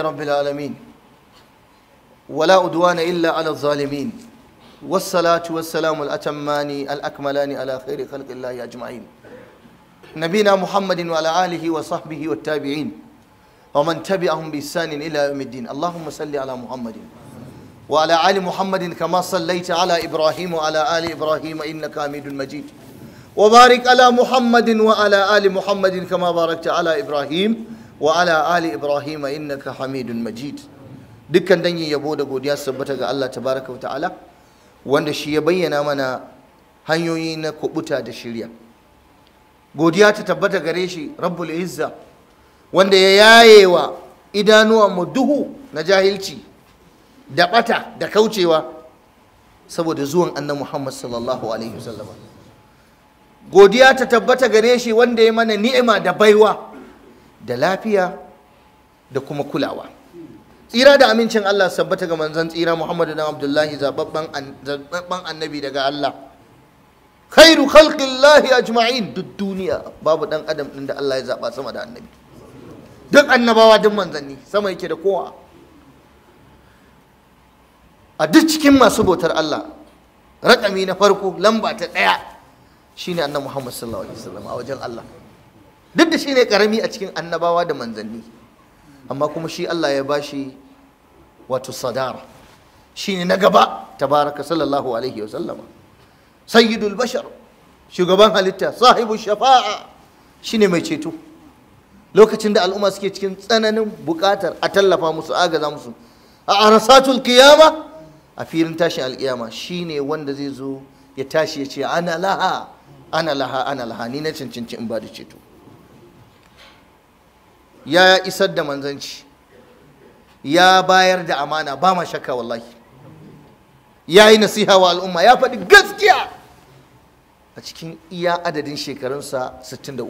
رب العالمين ولا أدوان إلا على الظالمين والصلاة والسلام الأتمان الأكملان على خير خلق الله أجمعين نبينا محمد وعلى آله وصحبه والتابعين ومن تبعهم بإحسان إلى يوم الدين اللهم صل على محمد وعلى آل محمد كما صليت على إبراهيم وعلى آل إبراهيم إنك حميد مجيد وبارك على محمد وعلى آل محمد كما باركت على إبراهيم wa ala ali ibrahim innaka hamidun majid dukkan dangin yabo da godiya su tabbata ga Allah tabaraka wa ta'ala wanda shi ya bayyana mana hanyoyi na kubuta da shirya godiya ta tabbata gare shi rabbul izza wanda ya yayewa mu duhu na jahilci da bata da kaucewa saboda zuwan annan muhammad sallallahu alaihi wasallam godiya ta tabbata gare shi wanda ya mana ni'ima da baiwa da lafiya da kuma kulawa tsira da amincin Allah sabbata ga manzan tsira Muhammadu dan Abdullahi zababban annabi daga Allah khairu a ajma'in duk duniya babu dan adam din da Allah ya zaba sama da annabi duk annabawa duk manzanni sama yake da kowa a duk cikin masu bautar Allah raƙami na farko lamba ta ɗaya shine annabi Muhammad sallallahu alaihi wasallam a wajen Allah duk da shi ne karami a cikin annabawa da manzanni amma kuma shi Allah ya bashi wato sadara shi ne na gaba tabaraka sallallahu alaihi wa sallama sayyidul bashar shugaban halitta sahibu shafa'a shi ne mai ceto lokacin da al'umma suke cikin tsananin buƙatar a tallafa musu agaza musu a arasatul kiyama a filin tashin alkiyama shi ne wanda zai zo ya tashi ya ce ana laha ana laha ana laha ni na cancanci in ba da ceto ya isar da manzanci ya bayar da amana ba ma shakka wallahi ya yi nasiha wa al'umma ya faɗi gaskiya a cikin iya adadin shekarunsa 63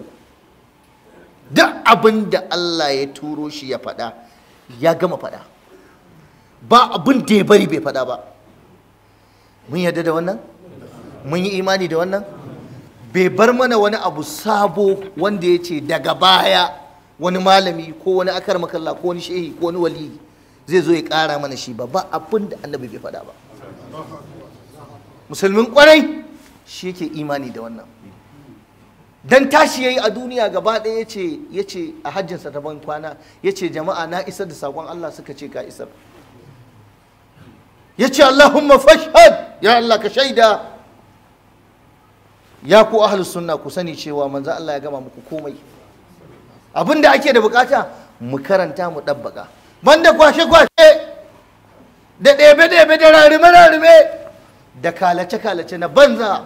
duk abin da Allah ya turo shi ya faɗa ya gama faɗa ba abin da ya bari bai faɗa ba mun yarda da wannan mun yi imani da wannan bai bar mana wani abu sabo wanda ya ce daga baya wani malami ko wani akar makalla ko wani shehi ko wani wali zai zo ya ƙara mana shi ba ba abin da annabi bai faɗa ba musulmin kwarai shi yake imani da wannan dan tashi yayi a duniya gaba ɗaya yace yace a hajjinsa ta ban kwana yace jama'a na isar da sakon Allah suka ce ka isar yace Allahumma fashhad ya Allah ka shaida ya ku ahlus sunna ku sani cewa manzo Allah ya gama muku komai abin da ake da bukata mu karanta mu ɗabbaka banda kwashe-kwashe da ɗebe-ɗebe da rarume-rarume da kalace-kalace na banza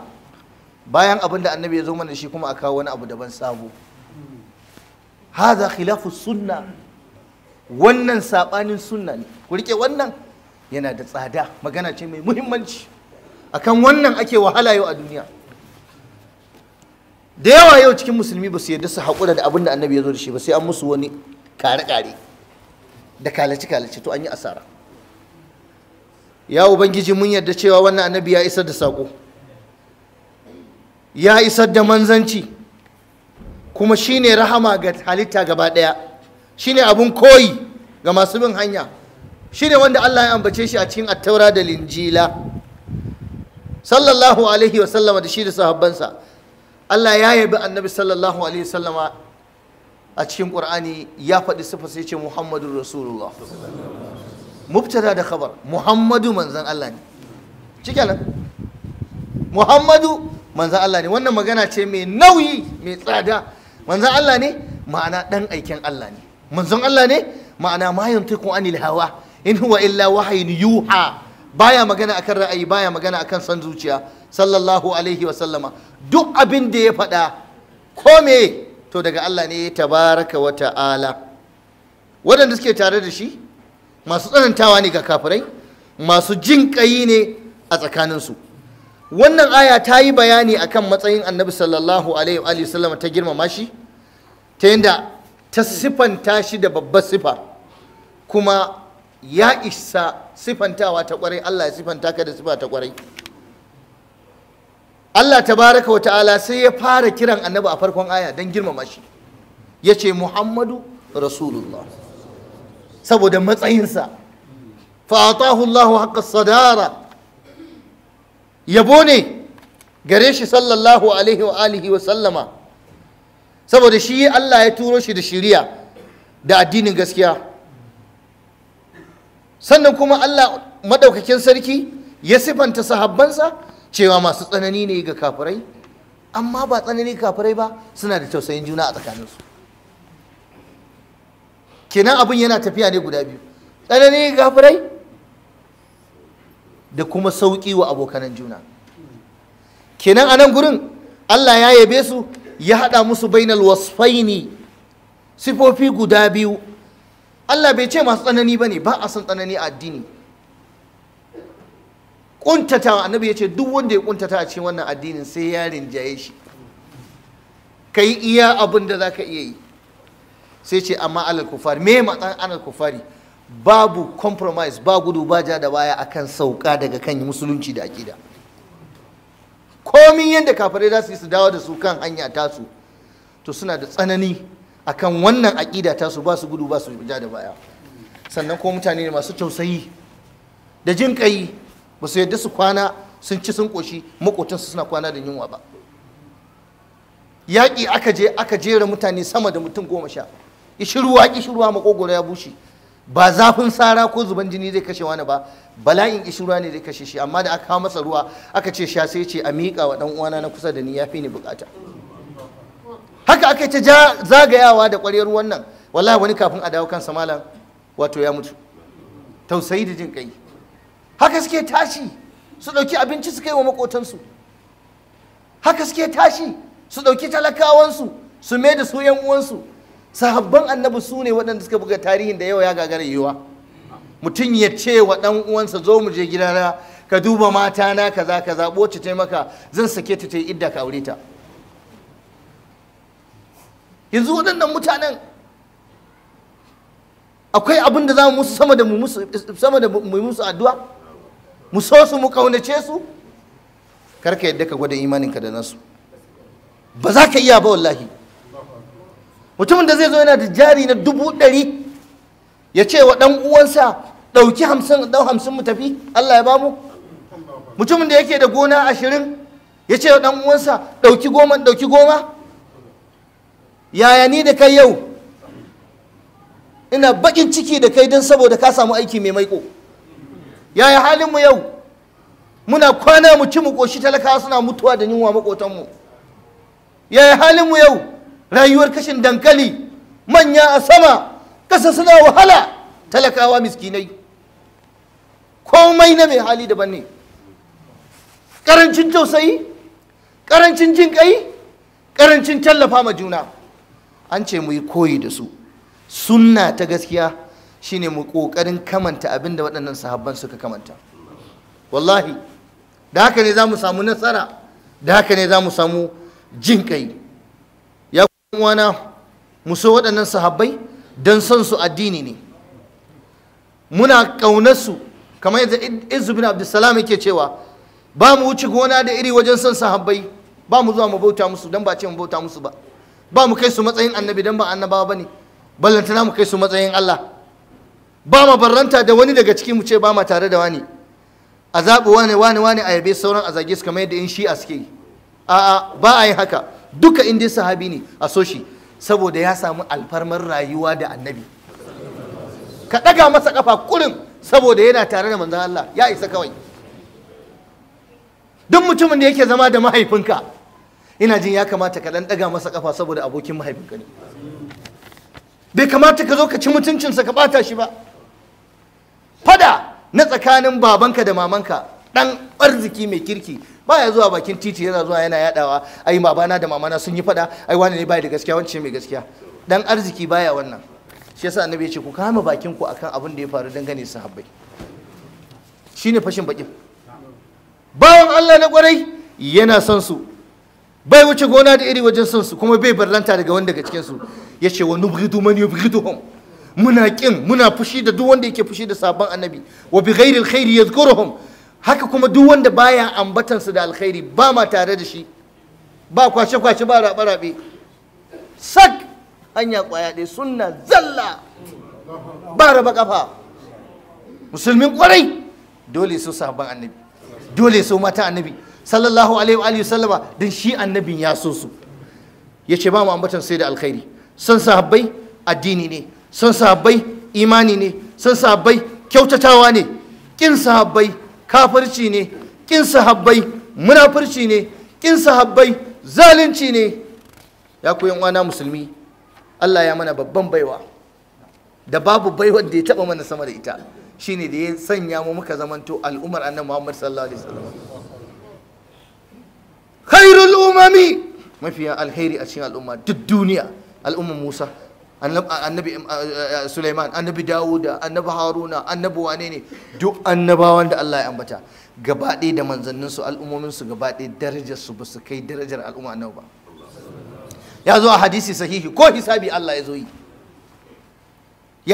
bayan abin da annabi ya zo mana shi kuma a kawo wani abu daban sabo haza khilafu sunna wannan sabanin sunna ne ku rike wannan yana da tsada magana ce mai muhimmanci akan wannan ake wahala yau a duniya da yawa yau cikin musulmi ba su yarda su haƙura da abin da annabi ya zo da shi ba sai an musu wani kare-kare da kalace-kalace to an yi asara ya ubangiji mun yarda cewa wannan annabi ya isar da saƙo ya isar da manzanci kuma shi ne rahama ga halitta gaba ɗaya ne abin koyi ga masu bin hanya Shi ne wanda Allah ya ambace shi a cikin attaura da linjila sallallahu alaihi wasallama da shi da sahabbansa Allah ya yabi annabi sallallahu alaihi wasallama a cikin Qur'ani ya faɗi sifa sai ce Muhammadur Rasulullah mubtada da khabar Muhammadu manzan Allah ne shikenan Muhammadu manzan Allah ne wannan magana ce mai nauyi mai tsada manzan Allah ne ma'ana dan aikin Allah ne manzon Allah ne ma'ana ma yantiqu anil hawa in huwa illa wahyin yuha baya magana akan ra'ayi baya magana akan san zuciya sallallahu alaihi wa sallama duk abin da ya faɗa kome. to daga Allah ne tabaraka wa ta'ala waɗanda suke tare da shi masu tsanantawa ne ga kafirai masu jin ƙayi ne a tsakaninsu wannan aya ta yi bayani akan matsayin annabi sallallahu alaihi wa sallama ta girmama shi ta yadda ta siffanta shi da babbar siffa kuma ya isa sifantawa ta kwarai Allah ya sifanta ka da sifa ta kwarai Allah tabaraka wa ta'ala sai ya fara kiran annabi a farkon aya don girmama shi ya ce Muhammadu Rasulullah saboda matsayinsa fa'atahu Allahu haqqa sadara yabo ne gare shi sallallahu alaihi wa alihi wa sallama saboda shi Allah ya turo shi da shiriya da addinin gaskiya sannan kuma Allah madaukakin sarki ya sifanta sahabbansa cewa masu tsanani ne ga kafirai amma ba tsanani kafirai ba suna da tausayin juna a tsakaninsu kenan abin yana tafiya ne guda biyu tsanani ga kafirai da kuma sauƙi wa abokanan juna kenan a nan gurin Allah ya yabe su ya haɗa musu bainal wasfaini sifofi guda biyu Allah bai ce masu tsanani ba ne ba a san tsanani a addini Ƙuntata annabi ya ce duk wanda ya ƙuntata a cikin wannan addinin sai ya rinjaye shi ka yi iya abin da za ka iya yi sai ce amma alal kufari me matsan alal kufari babu compromise ba gudu ba ja da baya akan sauka daga kan musulunci da akida komin yadda kafare za su yi su dawo da su kan hanya tasu to suna da tsanani akan wannan aƙida ta su ba su gudu ba su ja da baya sannan ko mutane ne masu tausayi da jin kai ba su yadda su kwana sun ci sun ƙoshi makocinsu suna kwana da yunwa ba yaƙi aka je aka jera mutane sama da mutum goma sha ishirwa ishirwa makogoro ya bushe ba zafin sara ko zuban jini zai kashe wani ba bala'in ishirwa ne zai kashe shi amma da aka kawo masa ruwa aka ce sha sai ce a miƙa wa ɗan uwana na kusa da ni ya fi ni bukata haka aka ta zagayawa da ƙwarewar wannan wala wani kafin a dawo kansa malam wato ya mutu tausayi da jin kai haka suke tashi su ɗauki abinci su kai wa makotansu haka suke tashi su ɗauki talakawansu su mai da su yan uwansu sahabban annabi su ne waɗanda suka buga tarihin da yau ya gagara yiwa mutum ya ce wa ɗan uwansa zo mu je gidana ka duba mata matana kaza ka zaɓo ta taimaka zan sake ta ta yi idda ka aure ta yanzu waɗannan mutanen akwai abin da za mu musu sama da mu musu addu'a mu so su mu kaunace su karka yadda ka gwada imaninka da nasu ba za ka iya ba wallahi mutumin da zai zo yana da jari na dubu ɗari ya ce wa ɗan uwansa ɗauki hamsin ɗan hamsin mu tafi Allah ya ba mu mutumin da yake da gona ashirin ya ce wa ɗan uwansa ɗauki goma ɗauki goma yaya ni da kai yau ina bakin ciki da kai don saboda ka samu aiki mai maiko yaya halinmu yau muna kwana mu ci mu koshi talakawa suna mutuwa da yunwa makotanmu yaya halinmu yau rayuwar kashin dankali manya a sama ƙasa suna wahala talakawa miskinai komai na mai hali daban ne ƙarancin tausayi ƙarancin jin ƙai ƙarancin tallafa ma juna an ce mu yi koyi da su sunna ta gaskiya shine mu kokarin kamanta abin da waɗannan sahabban suka kamanta wallahi da haka ne za mu samu nasara da haka ne za mu samu jin kai ya wana mu so waɗannan sahabbai don son su addini ne muna ƙaunarsu kamar yadda izu bin abdulsalam yake cewa ba mu wuce gona da iri wajen son sahabbai ba mu zuwa mu bauta musu don ba ce mu bauta musu ba ba mu kai su matsayin annabi don ba annabawa ne ballantana mu kai su matsayin Allah ba ma barranta da wani daga cikin mu ce ba ma tare da wani a zaɓi wani wani wani a yabe sauran a zage su kamar yadda in a suke yi a'a ba a yi haka duka in dai sahabi ne a so shi saboda ya samu alfarmar rayuwa da annabi ka ɗaga masa ƙafa kurin saboda yana tare da manzon Allah ya isa kawai duk mutumin da yake zama da mahaifinka ina jin ya kamata ka dan daga masa kafa saboda abokin mahaifinka ne bai kamata ka zo ka ci mutuncinsa ka bata shi ba fada na tsakanin babanka da mamanka dan arziki mai kirki baya zuwa bakin titi yana zuwa yana yadawa ai babana da mamana sun yi fada ai wani ne bai da gaskiya wance mai gaskiya dan arziki baya wannan shi yasa annabi ya ce ku kama bakin ku akan abin da ya faru dangane sahabbai shine fashin bakin bawan Allah na kwarai yana son su bai wuce gona da iri wajen son su kuma bai barlanta daga wanda daga cikin su yace mani ya man hom. muna kin muna fushi da duk wanda yake fushi da sabon annabi wa bi ghairi alkhairi yadhkuruhum haka kuma duk wanda baya ambatan su da alkhairi ba ma tare da shi ba kwace kwace ba rabe rabe sak hanya kwaya dai sunna zalla ba raba kafa musulmin kwarai dole su sabon annabi dole su mata annabi sallallahu alaihi wa sallama don shi annabin ya so su ya ce ba mu ambatan sai da alkhairi son sahabbai addini ne son sahabbai imani ne son sahabbai kyautatawa ne kin sahabbai kafirci ne kin sahabbai munafirci ne kin sahabbai zalunci ne ya ku uwana musulmi Allah ya mana babban baiwa da babu baiwar da ya taba mana sama da ita shine da ya sanya mu muka zamanto al'umar annabi Muhammad sallallahu alaihi wasallam khairul umami mafiya alheri a cikin al'umma duk duniya al'umman Musa annabi eh, eh, eh, Sulaiman annabi Dawuda annabi Haruna annabi wane ne duk annabawan da Allah ya ambata gaba ɗaya da manzannin su al'ummomin su gaba ɗaya darajar su basu kai darajar al'umma annabi ba ya zo a hadisi sahihi ko hisabi Allah ya zo yi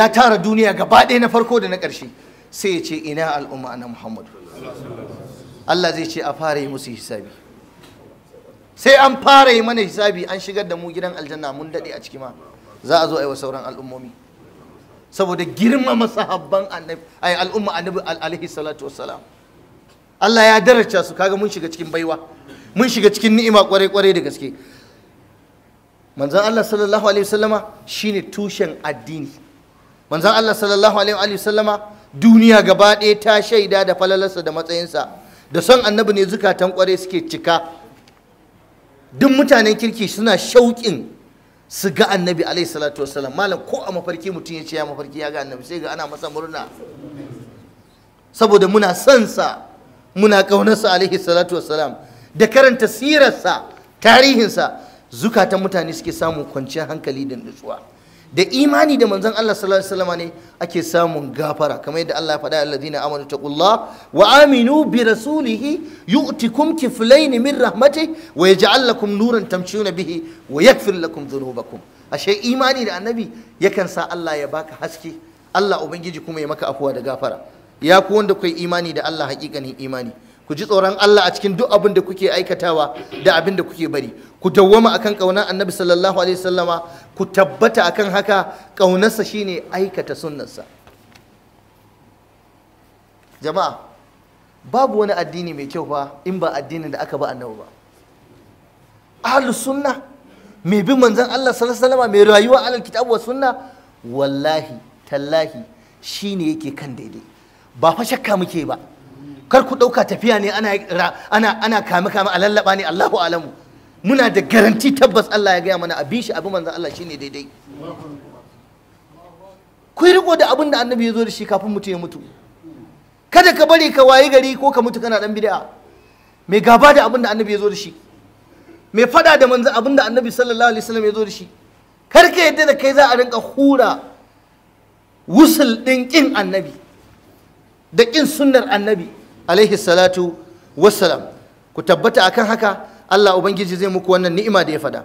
ya tara duniya gaba ɗaya na farko da na ƙarshe sai ya ce ina al'umma na Muhammad Allah zai ce a fara yi musu hisabi sai an fara yi mana hisabi an shigar da mu gidan aljanna mun dade a ciki ma za a zo a yi wa sauran al'ummomi saboda girmama sahabban annabi ai al'umma annabi alaihi salatu wassalam Allah ya daraja su kaga mun shiga cikin baiwa mun shiga cikin ni'ima kwarai kwarai da gaske manzon Allah sallallahu alaihi wasallama shine tushen addini manzon Allah sallallahu alaihi wasallama duniya gaba ɗaya ta shaida da falalarsa da matsayinsa da son annabi ne zukatan kwarai suke cika duk mutanen kirki suna shauƙin su ga annabi Alayhi salatu wasalam malam ko a mafarki mutum ya ce ya mafarki ya ga annabi sai ga ana masa murna saboda muna son sa muna ƙaunarsa Alayhi salatu wasalam da karanta sirarsa tarihinsa zukatan mutane suke samun kwanciyar hankali da nutsuwa da imani da manzon Allah sallallahu alaihi wasallam ne ake samun gafara kamar yadda Allah ya faɗa alladhina amanu taqullah wa aminu bi rasulihi yu'tikum kiflayn min rahmati wa yaj'al lakum nuran tamshuna bihi wa yaghfir lakum dhunubakum ashe imani da annabi yakan sa Allah ya baka haske Allah ubangiji kuma ya maka afuwa da gafara ya ku wanda kai imani da Allah hakikanin imani ku ji tsoron Allah a cikin duk abin da kuke aikatawa da abin da kuke bari ku dawwama akan kauna annabi sallallahu alaihi wasallama ku tabbata akan haka ƙaunarsa shine aikata sunnarsa jama'a babu wani addini mai kyau fa in ba addinin da aka ba annabi ba ahlus sunna mai bin manzon Allah sallallahu alaihi wasallam mai rayuwa alal kitab wa sunna wallahi tallahi shine yake kan daidai ba fa shakka muke ba kar ku dauka tafiya ne ana ana ana kame kame a lallaba ne Allahu alamu muna da garanti tabbas Allah ya gaya mana abin shi abin manzan Allah shine daidai ku riko da abin da annabi ya zo da shi kafin mutum ya mutu kada ka bari ka wayi gari ko ka mutu kana dan bid'a mai gaba da abin da annabi ya zo da shi mai fada da manzan abin da annabi sallallahu alaihi wasallam ya zo da shi kar ka yadda da kai za a rinka hura wusul din kin annabi da kin sunnar annabi alaihi salatu wassalam ku tabbata akan haka Allah ubangiji zai muku wannan ni'ima da ya fada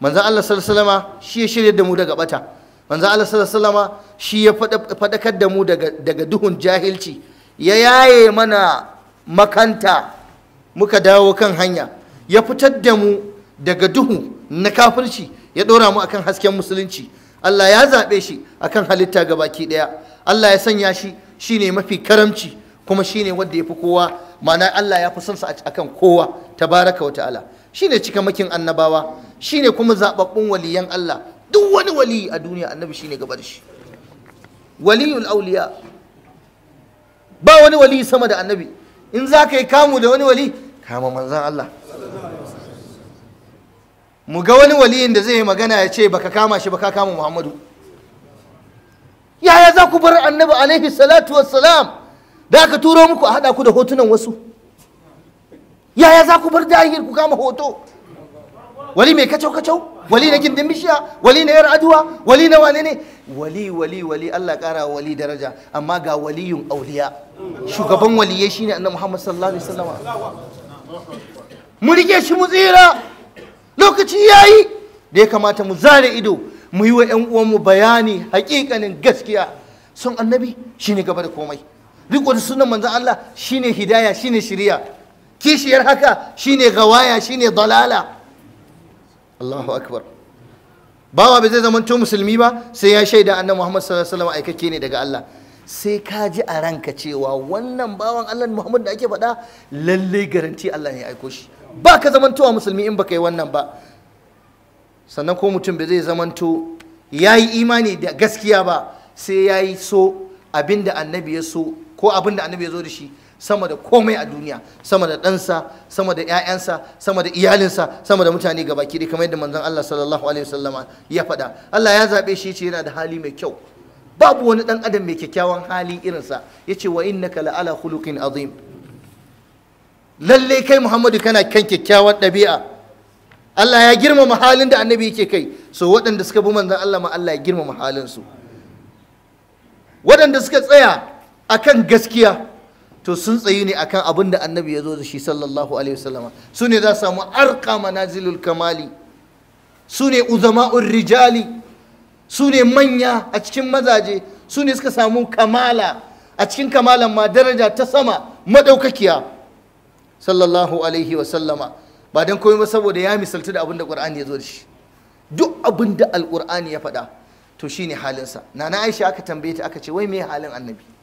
manzo Allah sallallahu alaihi shi ya shirye da mu daga bata manzo Allah sallallahu alaihi shi ya fadakar da mu daga daga duhun jahilci ya yaye mana makanta muka dawo kan hanya ya fitar da mu daga duhu na kafirci ya dora mu akan hasken musulunci Allah ya zaɓe shi akan halitta ga baki ɗaya Allah ya sanya shi shine mafi karamci kuma shine wanda ya fi kowa ma'ana Allah ya fi son a kan kowa tabaraka wa ta'ala shine cikamakin annabawa shine kuma zababbun waliyan Allah duk wani wali a duniya annabi shine gaba da shi waliyul auliya ba wani wali sama da annabi in za ka yi kamu da wani wali kama manzan Allah mu ga wani waliyin da zai yi magana ya ce baka kama shi baka kama Muhammadu yaya za ku bar annabi alaihi salatu wassalam salam da aka turo muku a haɗa ku da hotunan wasu yaya za ku bar dahir ku kama hoto wali mai kacau kacau wali na gindin bishiya wali na yar aduwa wali na wane ne wali wali wali Allah kara wali daraja amma ga waliyun auliya shugaban waliyai shine annabi Muhammad sallallahu alaihi wasallam mu rike shi mu tsira lokaci yayi da ya kamata mu zare ido mu yi wa 'yan mu bayani hakikanin gaskiya son annabi shine gaba da komai riko da sunan manzon Allah shine hidaya shine shiriya kishiyar haka shine gawaya shine dalala Allahu akbar bawa bai zai zamanto musulmi ba sai ya shaida annabi Muhammad sallallahu alaihi wasallam aikake ne daga Allah sai ka ji a ranka cewa wannan bawan Allah Muhammad da ake faɗa lalle garanti Allah ne aiko shi ba ka zamantowa musulmi in baka yi wannan ba sannan ko mutum bai zai zamanto ya yi imani da gaskiya ba sai ya yi so abinda annabi ya so ko abin da annabi ya zo da shi sama da komai a duniya sama da ɗansa sama da 'ya'yansa sama da iyalinsa sama da mutane ga baki dai kamar yadda manzon Allah sallallahu alaihi wasallama ya faɗa Allah ya zaɓe shi ce yana da hali mai kyau babu wani ɗan adam mai kyakkyawan hali irinsa yace wa innaka la'ala khuluqin azim lalle kai Muhammadu kana kan kyakkyawan ɗabi'a Allah ya girmama halin da annabi yake kai so waɗanda suka bi manzon Allah ma Allah ya girmama halin su waɗanda suka tsaya akan gaskiya to sun tsayi ne akan abin da annabi ya zo da shi sallallahu alaihi wasallama su ne za su samu arka manazilul kamali su ne uzama'ur rijali su ne manya a cikin mazaje su ne suka samu kamala a cikin kamalan ma daraja ta sama madaukakiya sallallahu alaihi wasallama ba don komai ba saboda ya misalta da abin da qur'ani ya zo da shi duk abin da alqur'ani ya faɗa to shine halinsa nana aisha aka tambaye ta aka ce wai me halin annabi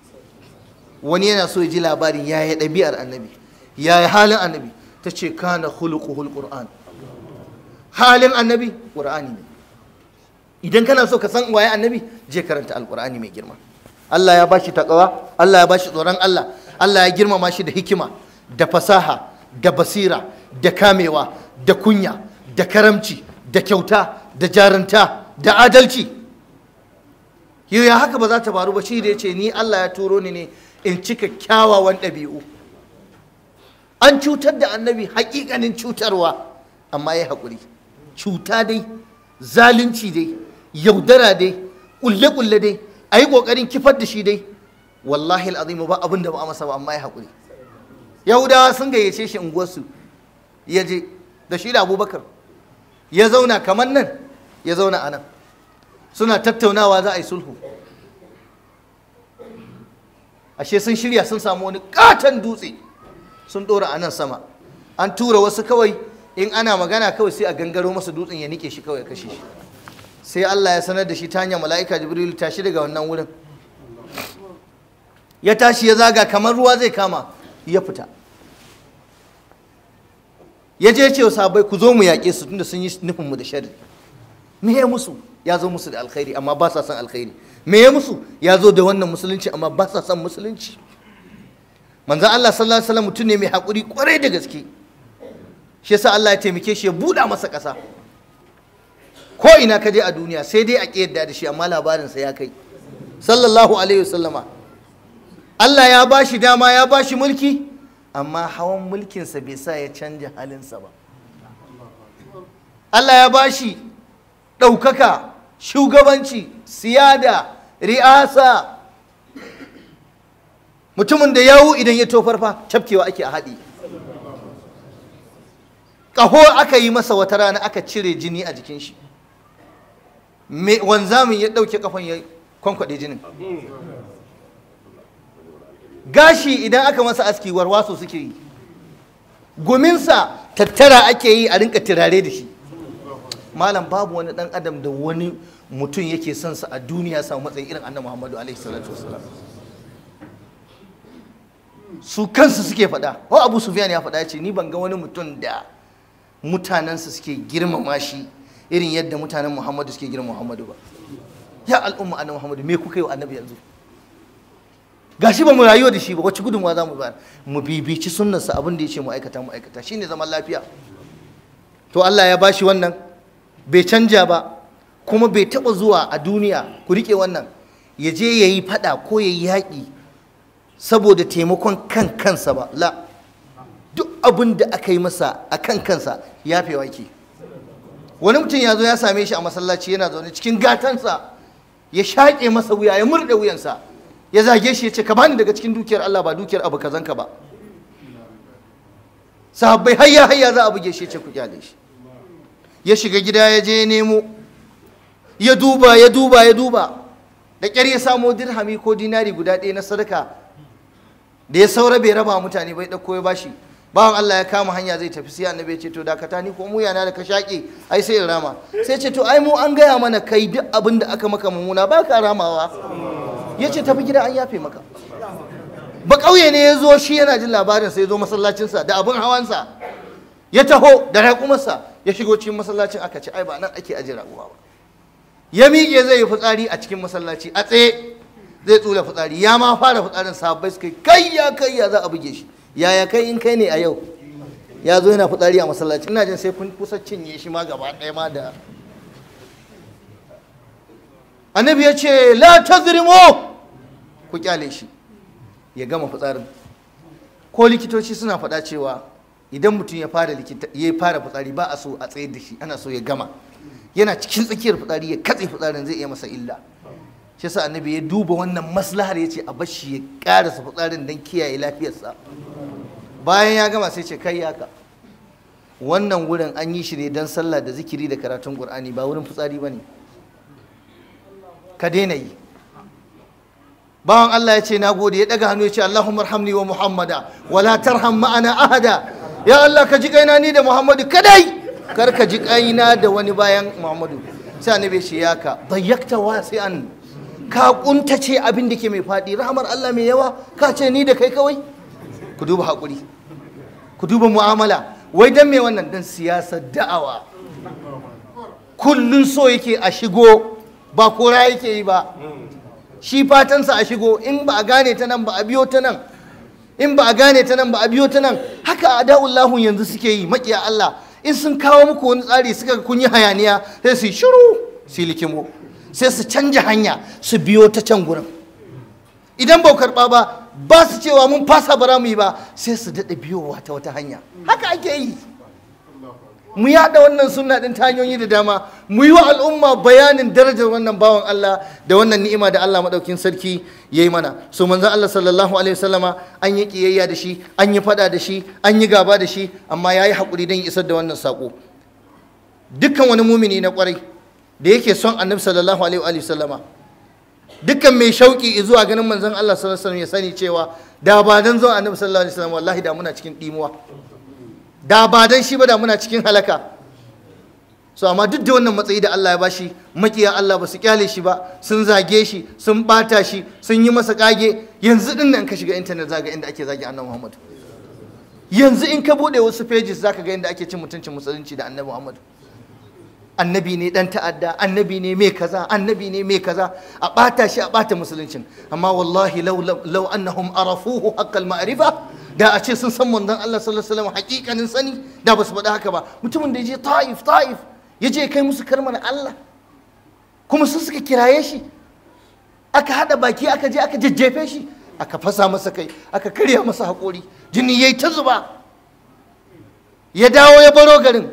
wani yana so ya ji labarin ya yi ɗabi'ar annabi ya yi halin annabi ta ce kana khuluquhul qur'an halin annabi ƙur'ani ne idan kana so ka san waye annabi je karanta Alƙur'ani mai girma Allah ya bashi takawa Allah ya bashi tsoron Allah Allah ya girmama shi da hikima da fasaha da basira da kamewa da kunya da karamci da kyauta da jarunta da adalci yau ya haka ba za ta faru ba shi da ya ce ni Allah ya turo ni ne in cika kyawawan ɗabi'u an cutar da annabi haƙiƙanin cutarwa amma ya haƙuri cuta dai zalunci dai yaudara dai ƙulle-ƙulle dai a yi ƙoƙarin kifar da shi dai wallahi al'azimu ba abin da ba a masa ba amma ya haƙuri yahudawa sun gayyace shi unguwarsu ya je da shi da abubakar ya zauna kamar nan ya zauna a nan suna tattaunawa za a yi sulhu ashe sun shirya sun samu wani katon dutse sun dora a nan sama an tura wasu kawai in ana magana kawai sai a gangaro masa dutsen ya nike shi kawai kashe shi sai Allah ya sanar da shi ta hanyar mala'ika Jibril tashi daga wannan wurin ya tashi ya zaga kamar ruwa zai kama ya fita ya je ce sabai ku zo mu yaƙe su tunda sun yi nufin mu da sharri me ya musu ya zo musu da alkhairi amma ba sa son alkhairi me ya musu ya zo da wannan musulunci amma ba sa son musulunci manzo Allah sallallahu alaihi wasallam mutum ne mai hakuri kwarai da gaske shi yasa Allah ya taimake shi ya buda masa ƙasa ko ina ka je a duniya sai dai a yadda da shi amma labarin sa ya kai sallallahu alaihi wasallama Allah ya ba shi dama ya ba shi mulki amma hawan mulkinsa bai sa ya canja sa ba Allah ya ba shi ɗaukaka shugabanci siyada ri'asa mutumin da yawo idan ya tofarfa cafkewa ake a haɗi ƙaho aka yi masa wata rana aka cire jini a jikin shi wanzamin ya ɗauke ƙafan ya kwankwaɗe jinin gashi idan aka masa aski warwaso suke yi guminsa tattara ake yi a rinka turare da shi malam babu wani dan adam da wani mutum yake son sa a duniya samu matsayi irin annabi Muhammadu alaihi salatu wasallam su kansu suke faɗa ko Abu Sufyan ya faɗa ce ni ban ga wani mutum da mutanensa suke girmama shi irin yadda mutanen Muhammadu suke girmama Muhammadu ba ya al'umma annabi Muhammadu me kuka yi wa annabi yanzu gashi ba mu rayuwa da shi ba wacce gudunmawa za mu ba mu bibici sunnarsa abin da ya ce mu aikata mu aikata shine zaman lafiya to Allah ya bashi wannan bai canja ba kuma bai taɓa zuwa a duniya ku riƙe wannan ya je ya yi faɗa ko ya yi yaƙi saboda taimakon kan kansa ba la duk abin da aka yi masa a kan kansa ya fi waki wani mutum ya zo ya same shi a masallaci yana zaune cikin gatansa ya shaƙe masa wuya ya murɗe wuyansa ya zage shi ya ce ka bani daga cikin dukiyar Allah ba dukiyar abu kazanka ba sahabbai hayya hayya za a buge shi ya ce ku kyale shi ya shiga gida ya je nemo ya duba ya duba ya duba da ƙyar ya samo dirhami ko dinari guda ɗaya na sadaka da ya saura bai raba mutane bai ɗauko ya bashi bawan Allah ya kama hanya zai tafi sai annabi ya ce to dakata ni ko muya na da ka shaƙe ai sai in rama sai ce to ai mu an gaya mana kai duk abin da aka maka mummuna ba ka ramawa ya ce tafi gida an yafe maka ba ƙauye ne ya zo shi yana jin labarin sai ya zo masallacinsa da abin hawansa ya taho da raƙumarsa ya shigo cikin masallacin aka ce ai ba nan ake ajiye raƙuma ba ya miƙe zai yi fitsari a cikin masallaci a tsaye zai tsula fitsari ya ma fara fitsarin sahabbai suka kai ya kai ya za a buge shi yaya kai in kai ne a yau ya zo yana fitsari a masallaci ina jin sai kun kusa cinye shi ma gaba ɗaya ma da annabi ya ce la tazrimu ku kyale shi ya gama fitsarin ko likitoci suna faɗa cewa idan mutum ya fara likita ya fara fitsari ba a so a tsayar da shi ana so ya gama yana cikin tsakiyar fitsari ya katse fitsarin zai iya masa illa shi yasa annabi ya duba wannan maslahar ya ce a bar shi ya karasa fitsarin don kiyaye lafiyarsa bayan ya gama sai ce kai yaka wannan wurin an yi shi ne don sallah da zikiri da karatun qur'ani ba wurin fitsari ba ne ka daina yi bawan Allah ya ce na gode ya daga hannu ya ce Allahumma arhamni wa Muhammada wala tarham ma'ana ahada ya Allah ka ji kaina ni da Muhammadu kadai kar ka ji kaina da wani bayan Muhammadu sai annabi shi ya ka dayyakta wasi'an ka kuntace abin da ke mai fadi rahmar Allah mai yawa ka ce ni da kai kawai ku duba hakuri ku duba mu'amala wai dan me wannan dan siyasar da'awa kullun so yake a shigo ba kora yake yi ba shi fatansa a shigo in ba a gane ta nan ba a biyo ta nan in ba a gane ta nan ba a biyo ta nan haka A da'ullahun yanzu suke yi makiya Allah in sun kawo muku wani tsari suka kun yi hayaniya sai su yi shiru su yi sai su canja hanya su biyo ta can gurin idan ba karɓa ba ba su cewa mun fasa bara mu yi ba sai su daɗa biyowa ta wata hanya haka ake yi mu yaɗa wannan sunna din ta hanyoyi da dama mu yi wa al'umma bayanin darajar wannan bawan Allah da wannan ni'ima da Allah madaukin sarki ya yi mana so manzo Allah sallallahu alaihi wasallama an yi kiyayya da shi an yi fada da shi an yi gaba da shi amma yayi hakuri dan isar da wannan sako dukkan wani mumini na kwarai da yake son annabi sallallahu alaihi wasallama dukkan mai shauki zuwa ganin manzon Allah sallallahu alaihi wasallam ya sani cewa da ba dan zo annabi sallallahu alaihi wasallam wallahi da muna cikin dimuwa da ba dan shi ba da muna cikin halaka so amma duk da wannan matsayi da Allah ya bashi makiya Allah ba su kyale shi ba sun zage shi sun bata shi sun yi masa kage yanzu din nan ka shiga internet zaga inda ake zagi annabi Muhammad yanzu in ka bude wasu pages zaka ga inda ake cin mutuncin musulunci da annabi Muhammad annabi ne dan ta'adda annabi ne mai kaza annabi ne mai kaza a bata shi a bata musuluncin amma wallahi law law annahum arafuhu haqqal ma'rifa da a ce sun san manzon Allah sallallahu alaihi wasallam hakikanin sani da basu su faɗi haka ba mutumin da ya je ta'if ta'if ya je kai musu karmar Allah kuma su suka kiraye shi aka hada baki aka je aka jajjefe shi aka fasa masa kai aka karya masa haƙori jini yayi ta zuba ya dawo ya baro garin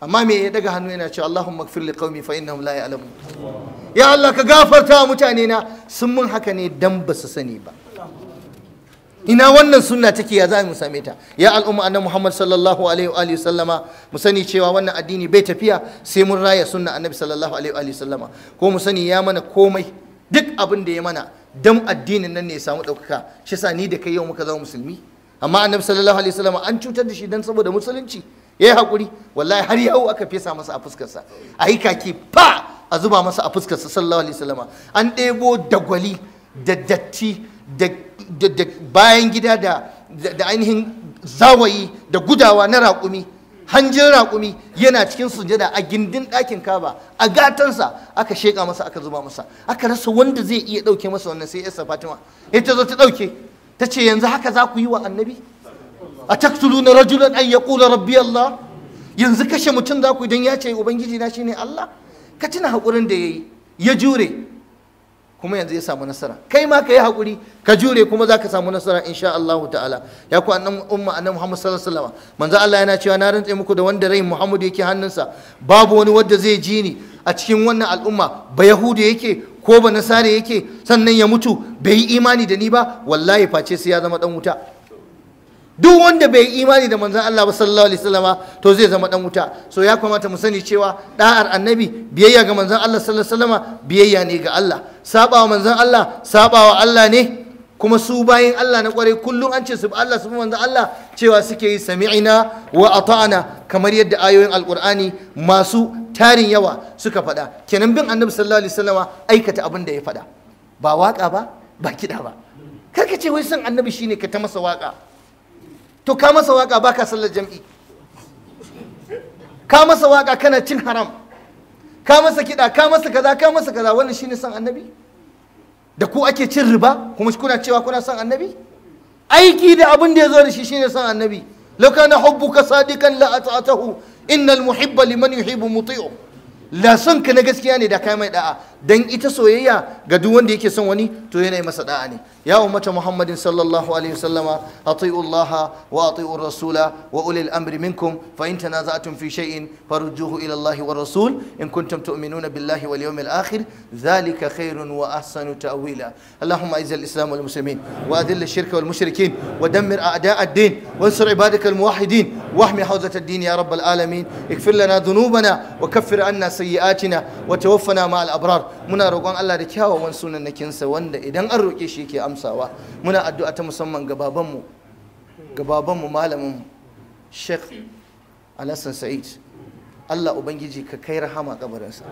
amma me ya daga hannu yana cewa Allahumma ighfir li qaumi fa innahum la ya'lamun ya Allah ka gafarta mutane na sun mun haka ne dan ba su sani ba ina wannan sunna take ya za mu same ta ya al'umma annabi Muhammad sallallahu alaihi wa sallama mu sani cewa wannan addini bai tafiya sai mun raya sunna annabi sallallahu alaihi wa sallama ko mu sani ya mana komai duk abin da ya mana dan addinin nan ne ya samu ɗaukaka shi sa ni da kai yau muka zama musulmi amma annabi sallallahu alaihi wasallama an cutar da shi dan saboda musulunci yayi hakuri wallahi har yawo aka fesa masa a fuskar sa a yi kaki fa a zuba masa a fuskar sa sallallahu alaihi wasallama an ɗebo dagwali da datti da bayan gida da ainihin zawayi da gudawa na raƙumi hanjin raƙumi yana cikin sujada a gindin ɗakin kaba a gatansa aka sheƙa masa aka zuba masa aka rasa wanda zai iya ɗauke masa wannan sai yasa fatima ita zo ta ɗauke ta ce yanzu haka za ku yi wa annabi a taktulu na rajulan an ya ƙula rabbi allah yanzu kashe mutum za ku idan ya ce ubangiji na shine allah ka tuna haƙurin da ya yi ya jure kuma yanzu ya samu nasara kai ma ka yi haƙuri ka jure kuma za ka samu nasara sha Allah ta'ala ya ku annan umma annan Muhammad sallallahu alaihi wasallam manzo Allah yana cewa na rantse muku da wanda rai Muhammad yake hannunsa babu wani wanda zai ji ni a cikin wannan al'umma ba Yahudu yake ko ba Nasara yake sannan ya mutu bai yi imani da ni ba wallahi face sai ya zama dan wuta duk wanda bai imani da manzon Allah ba sallallahu alaihi wasallama to zai zama dan wuta so ya kamata mu sani cewa da'ar annabi biyayya ga manzon Allah sallallahu alaihi wasallama biyayya ne ga Allah sabawa manzon Allah sabawa Allah ne kuma su bayin Allah na kwarai kullum an ce su Allah su manzon Allah cewa suke yi sami'ina wa ata'ana kamar yadda ayoyin alqur'ani masu tarin yawa suka faɗa kenan bin annabi sallallahu alaihi wasallama aikata abin da ya faɗa ba waka ba ba kiɗa ba karka ce wai san annabi shine ka ta masa waka to ka masa waka baka sallar jam'i ka masa waka kana cin haram ka masa kiɗa ka masa kaza ka masa kaza wannan shine son annabi da ku ake cin riba kuma kuna cewa kuna son annabi aiki da abin da ya zo da shi shine son annabi law kana hubbuka sadikan la ata'atahu innal muhibba liman yuhibbu muti'u la son ka na gaskiya ne da kai mai da'a dan ita soyayya ga duk wanda yake son wani to yana masa da'a ne ya ummata muhammadin sallallahu alaihi wasallama ati'u wa ati'u rasula wa ulil amri minkum fa in tanaza'tum fi shay'in farujjuhu ila allahi wa rasul in kuntum tu'minuna billahi wal yawmil akhir dhalika khairun wa ahsanu ta'wila اللهم اعز الاسلام والمسلمين واذل الشرك والمشركين ودمر اعداء الدين وانصر عبادك الموحدين واحمي حوزه الدين يا رب العالمين اغفر لنا ذنوبنا وكفر wa tawaffana وتوفنا مع abrar muna roƙon Allah da kyawawan sunan sunannakinsa wanda idan an roƙe shi ke amsawa muna addu'a ta musamman ga babanmu ga babanmu malamin Sheikh Alhassan Sa'id Allah Ubangiji ka kai rahama kabarinsa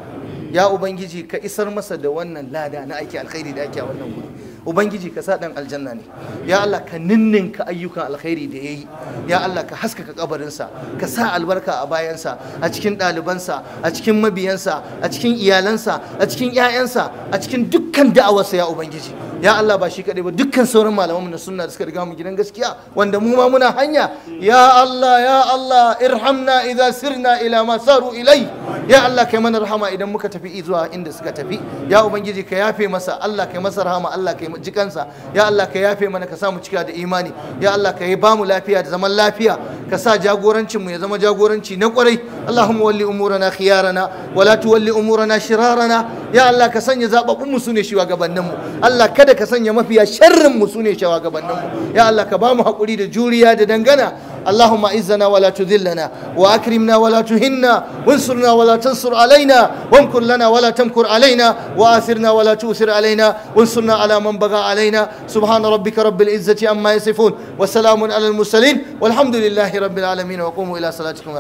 ya Ubangiji ka isar masa da wannan lada na aiki alkhairi da ake a wannan wuri ubangiji ka sa aljanna ne ya Allah ka ninninka ayyukan alkhairi da yayi ya Allah ka haskaka kabarinsa ka sa albarka a bayansa a cikin ɗalibansa a cikin mabiyansa a cikin iyalansa a cikin ƴaƴansa a cikin dukkan da'awarsa ya ubangiji ya Allah ba shi kaɗai ba dukkan sauran malamanmu na sunna da suka riga mu gidan gaskiya wanda mu ma muna hanya ya Allah ya Allah irhamna idza sirna ila ma saru ilai ya Allah kai mana rahama idan muka tafi zuwa inda suka tafi ya ubangiji ka yafe masa Allah kai masa rahama Allah kai jikansa ya Allah ka yafe mana ka sa mu cika da imani ya Allah ka yi bamu lafiya da zaman lafiya ka sa jagorancin mu ya zama jagoranci na kwarai Allahumma walli umurana khiyarana wala tuwalli umurana shirarana ya Allah ka sanya zababbun mu sune gabanin mu Allah kada ka sanya mafiya sharrin mu sune gabanin mu ya Allah ka bamu hakuri da juriya da dangana اللهم اعزنا ولا تذلنا واكرمنا ولا تهنا وانصرنا ولا تنصر علينا وامكر لنا ولا تمكر علينا واثرنا ولا تؤثر علينا وانصرنا على من بغى علينا سبحان ربك رب العزه عما يصفون وسلام على المرسلين والحمد لله رب العالمين وقوموا الى صلاتكم